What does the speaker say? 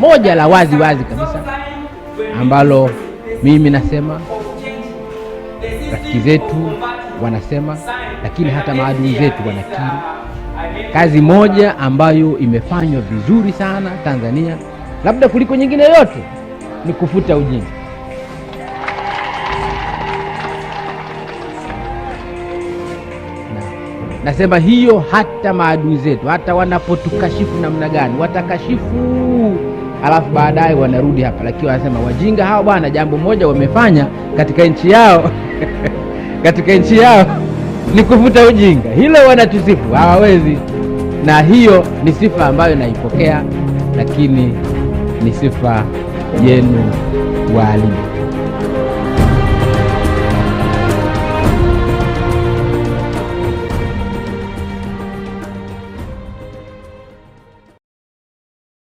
moja la wazi wazi kabisa ambalo mimi nasema rafiki zetu wanasema, lakini hata maadui zetu wanakiri. Kazi moja ambayo imefanywa vizuri sana Tanzania, labda kuliko nyingine yote, ni kufuta ujinga. Nasema hiyo hata maadui zetu, hata wanapotukashifu namna gani, watakashifu alafu baadaye wanarudi hapa, lakini wanasema wajinga hao bwana, jambo moja wamefanya katika nchi yao katika nchi yao ni kufuta ujinga. Hilo wanatusifu hawawezi, na hiyo ni sifa ambayo naipokea, lakini ni sifa yenu waalimu.